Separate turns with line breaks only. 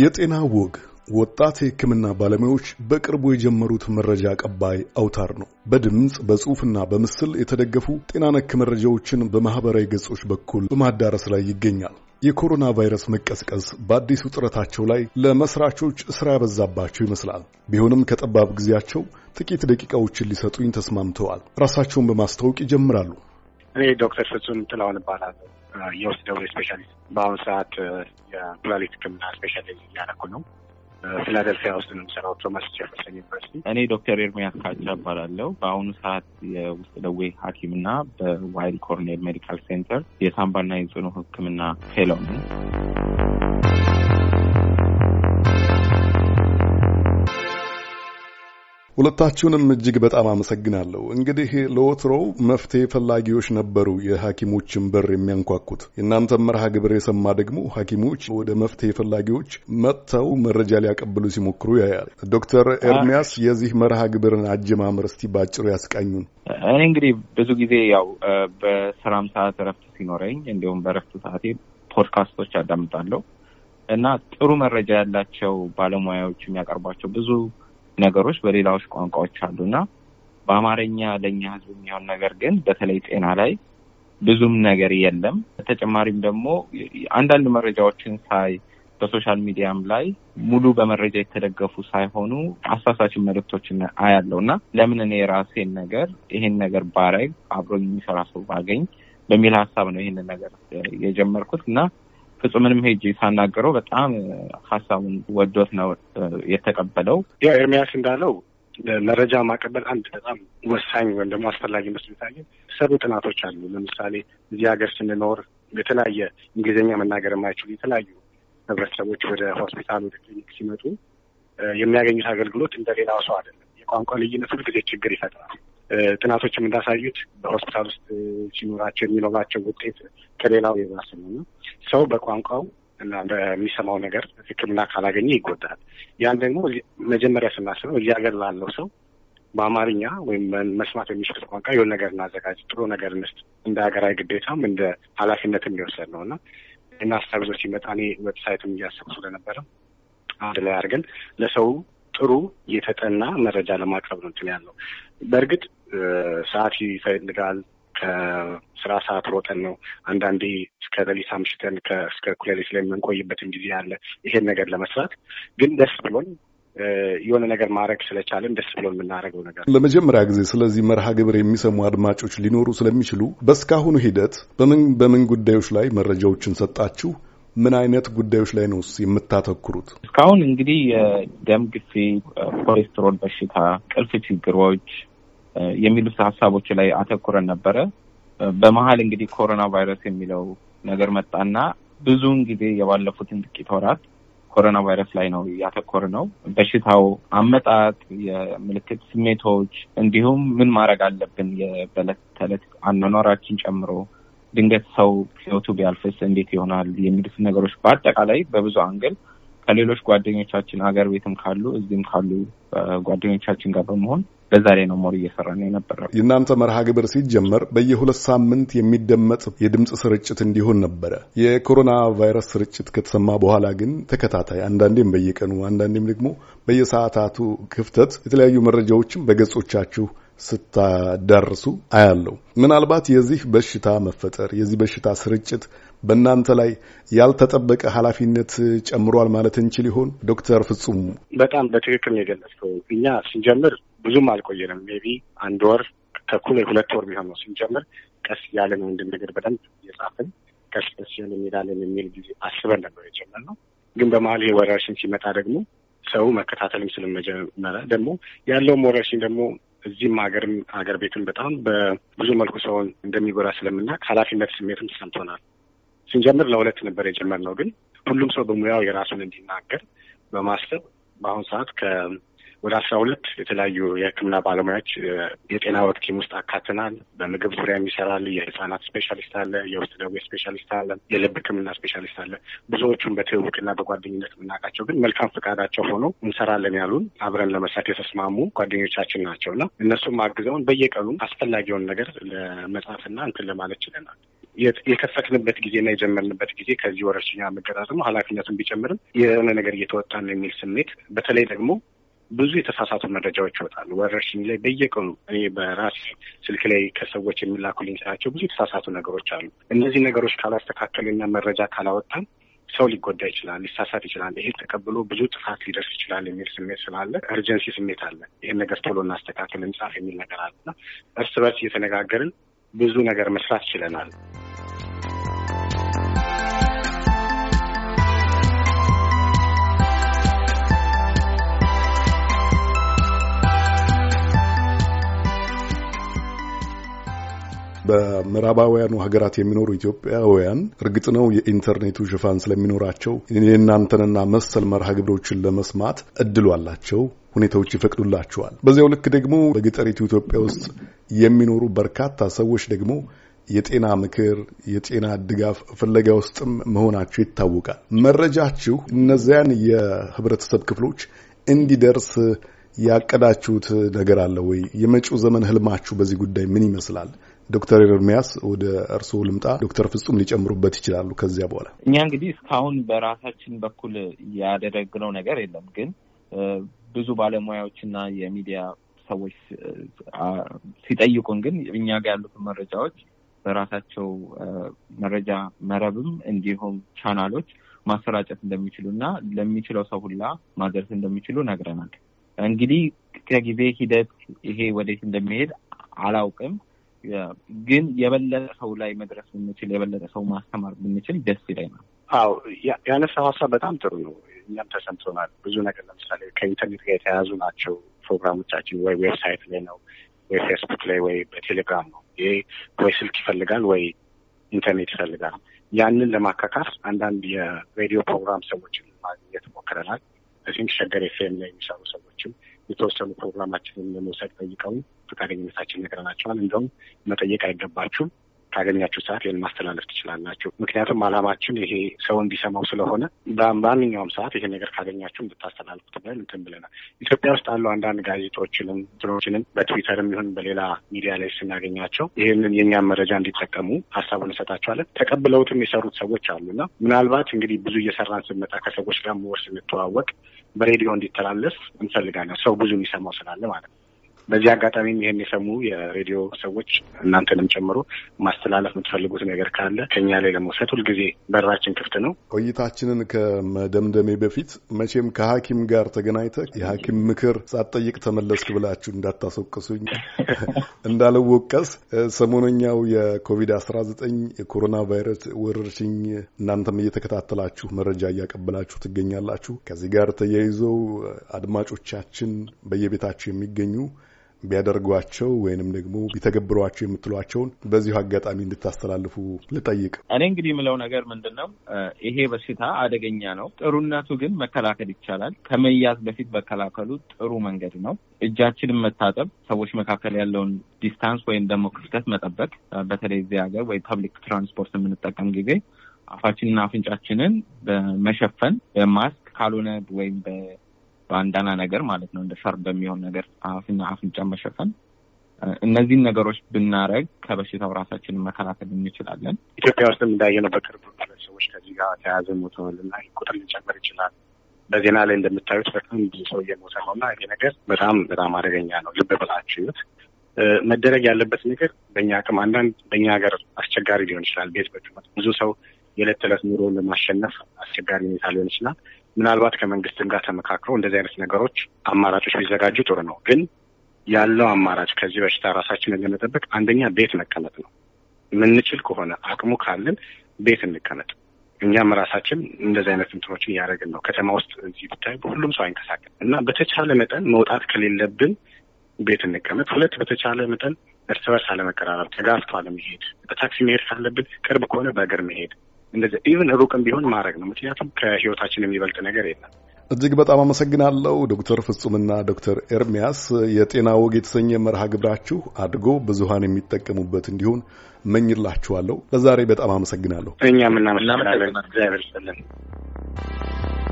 የጤና ወግ ወጣት የሕክምና ባለሙያዎች በቅርቡ የጀመሩት መረጃ ቀባይ አውታር ነው። በድምፅ በጽሑፍና በምስል የተደገፉ ጤና ነክ መረጃዎችን በማኅበራዊ ገጾች በኩል በማዳረስ ላይ ይገኛል። የኮሮና ቫይረስ መቀስቀስ በአዲስ ጥረታቸው ላይ ለመስራቾች ስራ ያበዛባቸው ይመስላል። ቢሆንም ከጠባብ ጊዜያቸው ጥቂት ደቂቃዎችን ሊሰጡኝ ተስማምተዋል። ራሳቸውን በማስተዋወቅ ይጀምራሉ።
እኔ ዶክተር ፍጹም ጥላውን እባላለሁ። የውስጥ ደዌ ስፔሻሊስት፣ በአሁኑ ሰዓት የኩላሊት ሕክምና ስፔሻሊስት እያደረኩ ነው። ፊላደልፊያ
ውስጥ ነው የሚሰራው ቶማስ ጄፈርሰን ዩኒቨርሲቲ። እኔ ዶክተር ኤርሚያስ ካቻ እባላለሁ። በአሁኑ ሰዓት የውስጥ ደዌ ሐኪምና በዋይል ኮርኔል ሜዲካል ሴንተር የሳምባና የጽኑ ሕክምና ፌሎ ነው።
ሁለታችሁንም እጅግ በጣም አመሰግናለሁ። እንግዲህ ለወትሮው መፍትሄ ፈላጊዎች ነበሩ የሐኪሞችን በር የሚያንኳኩት። የእናንተ መርሃ ግብር የሰማ ደግሞ ሐኪሞች ወደ መፍትሄ ፈላጊዎች መጥተው መረጃ ሊያቀብሉ ሲሞክሩ ያያል። ዶክተር ኤርሚያስ የዚህ መርሃ ግብርን አጀማመር እስቲ ባጭሩ ያስቃኙን።
እኔ እንግዲህ ብዙ ጊዜ ያው በስራም ሰዓት እረፍት ሲኖረኝ እንዲሁም በእረፍት ሰዓቴ ፖድካስቶች አዳምጣለሁ እና ጥሩ መረጃ ያላቸው ባለሙያዎች የሚያቀርቧቸው ብዙ ነገሮች በሌላዎች ቋንቋዎች አሉና በአማርኛ ለእኛ ህዝብ የሚሆን ነገር ግን በተለይ ጤና ላይ ብዙም ነገር የለም። በተጨማሪም ደግሞ አንዳንድ መረጃዎችን ሳይ በሶሻል ሚዲያም ላይ ሙሉ በመረጃ የተደገፉ ሳይሆኑ አሳሳችን መልእክቶችን አያለው እና ለምን እኔ የራሴን ነገር ይሄን ነገር ባረግ አብሮ የሚሰራ ሰው ባገኝ በሚል ሀሳብ ነው ይህንን ነገር የጀመርኩት እና ፍጹምንም ሄጅ ሳናገረው በጣም ሀሳቡን ወዶት ነው የተቀበለው።
ያው ኤርሚያስ እንዳለው መረጃ ማቀበል አንድ በጣም ወሳኝ ወይም ደግሞ አስፈላጊ መስሎ ሰሩ ጥናቶች አሉ። ለምሳሌ እዚህ ሀገር ስንኖር የተለያየ እንግሊዝኛ መናገር የማይችሉ የተለያዩ ህብረተሰቦች ወደ ሆስፒታል፣ ወደ ክሊኒክ ሲመጡ የሚያገኙት አገልግሎት እንደ ሰው አይደለም። የቋንቋ ልዩነት ሁልጊዜ ችግር ይፈጥራል። ጥናቶችም እንዳሳዩት በሆስፒታል ውስጥ ሲኖራቸው የሚኖራቸው ውጤት ከሌላው የባሰ ነው። ሰው በቋንቋው እና በሚሰማው ነገር ሕክምና ካላገኘ ይጎዳል። ያን ደግሞ መጀመሪያ ስናስበው እዚህ ሀገር ላለው ሰው በአማርኛ ወይም መስማት በሚችል ቋንቋ የሆነ ነገር እናዘጋጅ፣ ጥሩ ነገር እንስጥ። እንደ ሀገራዊ ግዴታም እንደ ኃላፊነትም ሊወሰድ ነው እና እና ሀሳብ ሲመጣ እኔ ዌብሳይትም እያሰብኩ ስለነበረ አንድ ላይ አድርገን ለሰው ጥሩ የተጠና መረጃ ለማቅረብ ነው እንትን ያለው። በእርግጥ ሰዓት ይፈልጋል። ከስራ ሰዓት ሮጠን ነው አንዳንዴ እስከ ሌሊት አምሽተን እስከ እኩለ ሌሊት ላይ የምንቆይበትን ጊዜ አለ። ይሄን ነገር ለመስራት ግን ደስ ብሎን የሆነ ነገር ማድረግ ስለቻለን ደስ ብሎ የምናደርገው ነገር።
ለመጀመሪያ ጊዜ ስለዚህ መርሃ ግብር የሚሰሙ አድማጮች ሊኖሩ ስለሚችሉ በእስካሁኑ ሂደት በምን በምን ጉዳዮች ላይ መረጃዎችን ሰጣችሁ? ምን አይነት ጉዳዮች ላይ ነው የምታተኩሩት?
እስካሁን እንግዲህ የደም ግፊት፣ ኮሌስትሮል በሽታ፣ ቅልፍ ችግሮች የሚሉት ሀሳቦች ላይ አተኩረን ነበረ። በመሀል እንግዲህ ኮሮና ቫይረስ የሚለው ነገር መጣና ብዙውን ጊዜ የባለፉትን ጥቂት ወራት ኮሮና ቫይረስ ላይ ነው እያተኮር ነው። በሽታው አመጣጥ፣ የምልክት ስሜቶች እንዲሁም ምን ማድረግ አለብን የበለት ተዕለት አኗኗራችን ጨምሮ ድንገት ሰው ህይወቱ ቢያልፍስ እንዴት ይሆናል የሚሉት ነገሮች በአጠቃላይ በብዙ አንግል ከሌሎች ጓደኞቻችን ሀገር ቤትም ካሉ እዚህም ካሉ ጓደኞቻችን ጋር በመሆን በዛ ላይ ነው ሞር እየሰራ ነው የነበረው።
የእናንተ መርሃ ግብር ሲጀመር በየሁለት ሳምንት የሚደመጥ የድምፅ ስርጭት እንዲሆን ነበረ። የኮሮና ቫይረስ ስርጭት ከተሰማ በኋላ ግን ተከታታይ አንዳንዴም በየቀኑ አንዳንዴም ደግሞ በየሰዓታቱ ክፍተት የተለያዩ መረጃዎችን በገጾቻችሁ ስታዳርሱ አያለው። ምናልባት የዚህ በሽታ መፈጠር የዚህ በሽታ ስርጭት በእናንተ ላይ ያልተጠበቀ ኃላፊነት ጨምሯል ማለት እንችል ይሆን? ዶክተር ፍጹም
በጣም በትክክል ነው የገለጽከው። እኛ ስንጀምር ብዙም አልቆየንም። ሜቢ አንድ ወር ተኩል ሁለት ወር ቢሆን ነው ስንጀምር። ቀስ ያለ ነው አንድን ነገር በደንብ እየጻፍን ቀስ ቀስ ያለ እንሄዳለን የሚል ጊዜ አስበን ነበር የጀመርነው። ግን በመሀል ይሄ ወረርሽኝ ሲመጣ ደግሞ ሰው መከታተልም ስለመጀመረ ደግሞ ያለውም ወረርሽኝ ደግሞ እዚህም ሀገርም ሀገር ቤትም በጣም በብዙ መልኩ ሰውን እንደሚጎዳ ስለምናውቅ ኃላፊነት ስሜትም ሰምቶናል። ስንጀምር ለሁለት ነበር የጀመርነው፣ ግን ሁሉም ሰው በሙያው የራሱን እንዲናገር በማሰብ በአሁኑ ሰዓት ወደ አስራ ሁለት የተለያዩ የሕክምና ባለሙያዎች የጤና ወግ ቲም ውስጥ አካትናል። በምግብ ዙሪያ የሚሰራል የህፃናት ስፔሻሊስት አለ፣ የውስጥ ደዌ ስፔሻሊስት አለ፣ የልብ ሕክምና ስፔሻሊስት አለ። ብዙዎቹን በትውውቅና በጓደኝነት የምናውቃቸው ግን መልካም ፈቃዳቸው ሆኖ እንሰራለን ያሉን አብረን ለመስራት የተስማሙ ጓደኞቻችን ናቸው እና እነሱም አግዘውን በየቀኑ አስፈላጊውን ነገር ለመጻፍና እንትን ለማለት ችለናል። የከፈትንበት ጊዜና የጀመርንበት ጊዜ ከዚህ ወረርሽኝ ነው ኃላፊነቱን ቢጨምርም የሆነ ነገር እየተወጣ ነው የሚል ስሜት በተለይ ደግሞ ብዙ የተሳሳቱ መረጃዎች ይወጣሉ። ወረርሽኝ ላይ በየቀኑ እኔ በራሴ ስልክ ላይ ከሰዎች የሚላኩልኝ ስራቸው ብዙ የተሳሳቱ ነገሮች አሉ። እነዚህ ነገሮች ካላስተካከልና መረጃ ካላወጣን ሰው ሊጎዳ ይችላል፣ ሊሳሳት ይችላል፣ ይሄ ተቀብሎ ብዙ ጥፋት ሊደርስ ይችላል የሚል ስሜት ስላለ እርጀንሲ ስሜት አለ። ይህን ነገር ቶሎ እናስተካክል፣ እንጻፍ የሚል ነገር አለና እርስ በርስ እየተነጋገርን ብዙ ነገር መስራት ችለናል።
በምዕራባውያኑ ሀገራት የሚኖሩ ኢትዮጵያውያን እርግጥ ነው የኢንተርኔቱ ሽፋን ስለሚኖራቸው የእናንተንና መሰል መርሃ ግብሮችን ለመስማት እድሉ አላቸው። ሁኔታዎች ይፈቅዱላቸዋል። በዚያው ልክ ደግሞ በገጠሪቱ ኢትዮጵያ ውስጥ የሚኖሩ በርካታ ሰዎች ደግሞ የጤና ምክር፣ የጤና ድጋፍ ፍለጋ ውስጥም መሆናቸው ይታወቃል። መረጃችሁ እነዚያን የህብረተሰብ ክፍሎች እንዲደርስ ያቀዳችሁት ነገር አለ ወይ? የመጪው ዘመን ህልማችሁ በዚህ ጉዳይ ምን ይመስላል? ዶክተር ኤርሚያስ ወደ እርስዎ ልምጣ። ዶክተር ፍጹም ሊጨምሩበት ይችላሉ። ከዚያ በኋላ
እኛ እንግዲህ እስካሁን በራሳችን በኩል ያደረግነው ነገር የለም ግን ብዙ ባለሙያዎችና የሚዲያ ሰዎች ሲጠይቁን ግን እኛ ጋር ያሉትን መረጃዎች በራሳቸው መረጃ መረብም እንዲሁም ቻናሎች ማሰራጨት እንደሚችሉ እና ለሚችለው ሰው ሁላ ማድረስ እንደሚችሉ ነግረናል። እንግዲህ ከጊዜ ሂደት ይሄ ወዴት እንደሚሄድ አላውቅም፣ ግን የበለጠ ሰው ላይ መድረስ ብንችል፣ የበለጠ ሰው ማስተማር ብንችል ደስ ይለናል።
አዎ ያነሳው ሀሳብ በጣም ጥሩ ነው። እኛም ተሰምቶናል። ብዙ ነገር ለምሳሌ ከኢንተርኔት ጋር የተያያዙ ናቸው ፕሮግራሞቻችን ወይ ዌብሳይት ላይ ነው ወይ ፌስቡክ ላይ ወይ በቴሌግራም ነው። ይሄ ወይ ስልክ ይፈልጋል ወይ ኢንተርኔት ይፈልጋል። ያንን ለማካካስ አንዳንድ የሬዲዮ ፕሮግራም ሰዎችን ማግኘት ሞክረናል። እዚህም ሸገር ኤፍኤም ላይ የሚሰሩ ሰዎችም የተወሰኑ ፕሮግራማችንን ለመውሰድ ጠይቀውን ፈቃደኝነታችን ነግረናቸዋል። እንደውም መጠየቅ አይገባችሁም ካገኛችሁ ሰዓት ይህን ማስተላለፍ ትችላላችሁ። ምክንያቱም አላማችን ይሄ ሰው እንዲሰማው ስለሆነ በማንኛውም ሰዓት ይሄ ነገር ካገኛችሁ እንድታስተላልፉት ብለን እንትን ብለናል። ኢትዮጵያ ውስጥ አሉ አንዳንድ ጋዜጦችንም ትኖችንም በትዊተርም ይሁን በሌላ ሚዲያ ላይ ስናገኛቸው ይህንን የእኛን መረጃ እንዲጠቀሙ ሀሳቡን እንሰጣቸዋለን። ተቀብለውትም የሰሩት ሰዎች አሉና ምናልባት እንግዲህ ብዙ እየሰራን ስንመጣ ከሰዎች ጋር መወር ስንተዋወቅ በሬዲዮ እንዲተላለፍ እንፈልጋለን። ሰው ብዙ የሚሰማው ስላለ ማለት ነው። በዚህ አጋጣሚም ይህን የሰሙ የሬዲዮ ሰዎች እናንተንም ጨምሮ ማስተላለፍ የምትፈልጉት ነገር ካለ ከኛ ላይ ለመውሰድ ሁልጊዜ በራችን ክፍት ነው።
ቆይታችንን ከመደምደሜ በፊት መቼም ከሐኪም ጋር ተገናኝተ የሐኪም ምክር ሳትጠይቅ ተመለስክ ብላችሁ እንዳታስወቅሱኝ እንዳልወቀስ። ሰሞነኛው የኮቪድ-19 የኮሮና ቫይረስ ወረርሽኝ እናንተም እየተከታተላችሁ መረጃ እያቀበላችሁ ትገኛላችሁ። ከዚህ ጋር ተያይዘው አድማጮቻችን በየቤታችሁ የሚገኙ ቢያደርጓቸው ወይንም ደግሞ ቢተገብሯቸው የምትሏቸውን በዚሁ አጋጣሚ እንድታስተላልፉ ልጠይቅ።
እኔ እንግዲህ የምለው ነገር ምንድን ነው፣ ይሄ በሽታ አደገኛ ነው። ጥሩነቱ ግን መከላከል ይቻላል። ከመያዝ በፊት መከላከሉ ጥሩ መንገድ ነው። እጃችንን መታጠብ፣ ሰዎች መካከል ያለውን ዲስታንስ ወይም ደግሞ ክፍተት መጠበቅ፣ በተለይ እዚህ ሀገር ወይ ፐብሊክ ትራንስፖርት የምንጠቀም ጊዜ አፋችንና አፍንጫችንን በመሸፈን በማስክ ካልሆነ ወይም በአንዳና ነገር ማለት ነው እንደ ሰር በሚሆን ነገር አፍና አፍንጫ መሸፈን እነዚህን ነገሮች ብናረግ ከበሽታው ራሳችንን መከላከል እንችላለን።
ኢትዮጵያ ውስጥም እንዳየነው በቅርብ ሁለት ሰዎች ከዚህ ጋር ተያያዘ ሞተዋል እና ቁጥር ሊጨምር ይችላል። በዜና ላይ እንደምታዩት በጣም ብዙ ሰው እየሞተ ነው እና ይሄ ነገር በጣም በጣም አደገኛ ነው። ልብ ብላችሁት መደረግ ያለበት ነገር በእኛ አቅም አንዳንድ በእኛ ሀገር አስቸጋሪ ሊሆን ይችላል። ቤት በጭመት ብዙ ሰው የዕለት ተዕለት ኑሮ ለማሸነፍ አስቸጋሪ ሁኔታ ሊሆን ይችላል። ምናልባት ከመንግስትም ጋር ተመካክሮ እንደዚህ አይነት ነገሮች አማራጮች ቢዘጋጁ ጥሩ ነው። ግን ያለው አማራጭ ከዚህ በሽታ ራሳችንን ለመጠበቅ አንደኛ ቤት መቀመጥ ነው። የምንችል ከሆነ አቅሙ ካለን ቤት እንቀመጥ። እኛም ራሳችን እንደዚህ አይነት እንትኖችን እያደረግን ነው። ከተማ ውስጥ እዚህ ብታይ ሁሉም ሰው አይንቀሳቀስ እና በተቻለ መጠን መውጣት ከሌለብን ቤት እንቀመጥ። ሁለት በተቻለ መጠን እርስ በርስ አለመቀራረብ፣ ተጋፍቶ አለመሄድ። በታክሲ መሄድ ካለብን ቅርብ ከሆነ በእግር መሄድ እንደዚህ ኢቨን ሩቅም ቢሆን ማድረግ ነው። ምክንያቱም ከህይወታችን የሚበልጥ ነገር የለም።
እጅግ በጣም አመሰግናለሁ ዶክተር ፍጹምና ዶክተር ኤርሚያስ የጤና ወግ የተሰኘ መርሃ ግብራችሁ አድጎ ብዙሀን የሚጠቀሙበት እንዲሆን መኝላችኋለሁ። ለዛሬ በጣም አመሰግናለሁ።
እኛም እናመሰግናለን። እግዚአብሔር ይስጥልን።